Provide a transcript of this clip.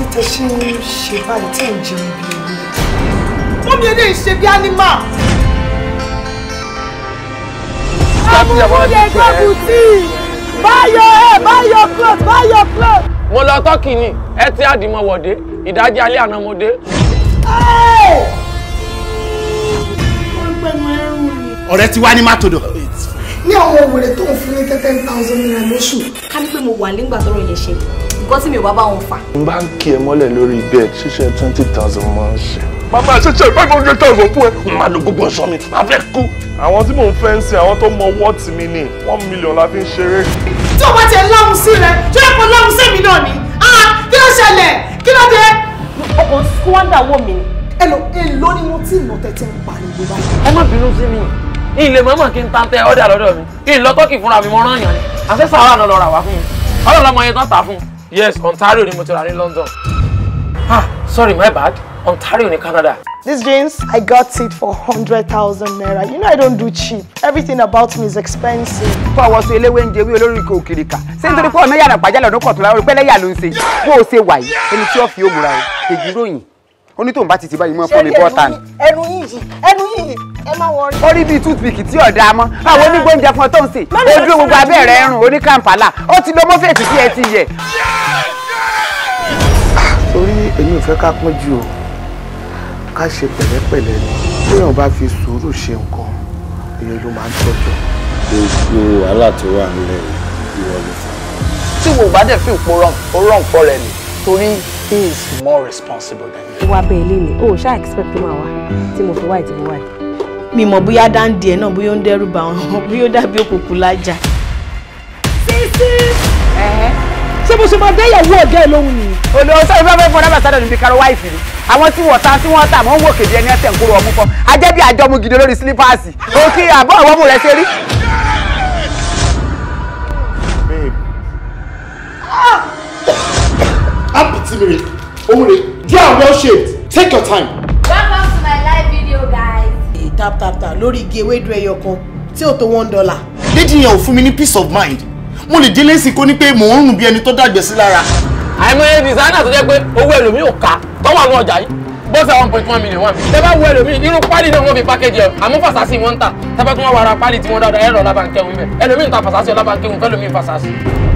ìdí tẹ ṣe ń ṣe báyìí tẹ́ ń jẹun bí ewé. wọ́n mi eléyìí ṣe bí ánímà. amúlẹ̀ gọ́gùtì báyọ̀ ẹ̀ báyọ̀ cloth báyọ̀ cloth. mo lọ tọ́kì ni ẹ ti àdìmọ̀wọ̀dé ìdájí alẹ́ àná mo dé. ọ̀rẹ́ ti wá ní mátòdò ní àwọn òwèrè tó ń fún ní ten thousand naira lóṣù. ká ní pé mo wà nígbà tọrọ yẹn ṣe nǹkan tí mi ò bá bá wọn fà. n bá ń kí ẹ mọ́lẹ̀ lórí bed ṣíṣe twenty thousand máa ń ṣe. màmá ṣíṣe five hundred thousand fún ẹ màá lo gbogbo ọ̀ṣọ́ mi màá fẹ́ kú. àwọn tí mò ń fẹ́ ń sin àwọn tó mọ wọ́ọ̀tì mi ni one million la fi ń ṣeré. tí o bá tiẹ̀ láhùn sí rẹ tó yẹ kó láhùn sí mi náà ni kí ló ṣẹlẹ̀ kí ló dé. ọkàn squander wọ mi. èlò èlò ni mo ti nà tẹ́tẹ́ ń pariwo báyìí. ẹ má bínú sí mi ilé mọ́mọ́ kí n ta tẹ ọ́dà lọ́dọ̀ mi kí n lọ tọ́kì fúnra mi mo rán yàn ni àṣẹ sàrà náà lọ yes ontario ni mo ti rà ní london ah sorry my bad ontario ní canada. These jeans, I got it for 100,000 naira. You know I don't do cheap. Everything about me is expensive. Fọ́ àwọn ọ̀sẹ̀ eléwé ń jẹ wí olórí ikọ̀ òkèrè kà. Ṣé nítorí pé ọ̀nà yàrá pàjálà ọdún kọ̀ọ̀tún láwọn olùpẹ́ lẹ́yà ló ń ṣe? Bó o ṣe wà yìí, ẹni tí ó fi òmùra o, èjì ròyìn. Ó ní tóun bá ti ti báyìí mọ́ fún mi bọ́ta ni. Ẹnu yìí, ẹnu yìí, ẹ má wọrí. Ó rí bíi toothpick tí ọ̀dà mọ́. Àwọn onígbóúnjẹ fún ọ tó ń sè. Ojú gbogbo abẹ́rẹ́ ẹrùn oníkàǹpálà. Ó ti lo mọ́fẹ̀ẹ́tì tí ẹ ti yẹ èmi ò fẹ́ ká pọ́njú o ká ṣe pẹ̀lẹ́pẹ̀lẹ́ ni téèyàn bá fi sùúrù ṣe nǹkan èèyàn ló máa ń tọ́jọ́. gbogbo wàhálà tó wà nílẹ̀ ìwọ ló tí wo bá dẹ̀ fi òpó rán òpó rẹ̀ ni torí he is more responsible than you. wá bẹ́ẹ̀ lé ní o ò ṣáà expect máa wá tí mo fi wá ìdìbò wá mi mọ̀ bóyá dáńdì ẹ̀ náà bóyá ó ń dẹ́rù bá wọn bóyá ó dàbí òkùnkùn lájà. sísí. ẹ̀hẹ́ ṣé mo ṣe máa dá ìyàwó ọ̀gá ẹ̀ lóhùn nìyí. olùwọ́n sọ ìfẹ́ fẹ́ fọ́n náà bàtà níbi karol wáìfì ni àwọn tí wọ́n ta tí wọ́n tà mọ́ ń wò kéde ẹni ẹ̀tẹ̀ ń kúrò ọmú fọ́ ajẹ́ bí àjọ mu gidi lórí sílípáàsì òkè àbọ̀ àwọn ọmọ rẹ̀ ṣe rí. Ah! apitimire omure they are well shaped take your time. welcome to my live video guys. tap tap tap lórí igi ewédú ẹyọ kan tí ò tó one dollar. lédi yẹn ò fún mi ní peace of mind mo lè délé sí kó ní pé mò ń rùn bí ẹni tó dàgbẹ́ sí lára. àìmọye designer tó jẹ́ pé owó ẹlòmíì ò ká tọ́wọ́ àwọn ọjà yìí bọ́sẹ̀ one point one million one million. tẹ́bá wo ẹlòmíì irú páálí náà wọ́n fi pákéjì ẹ̀ àmú fàṣásì wọ́n ń tà tẹ́bá tí wọ́n wà ra páálí tí wọ́n dáadáa ẹ̀rọ lábàǹkẹ́hùn bẹ́ẹ̀ ẹlòmíì ń ta fàṣásì ọlábàǹkẹ́hùn fẹ́lòmíì fàṣásì.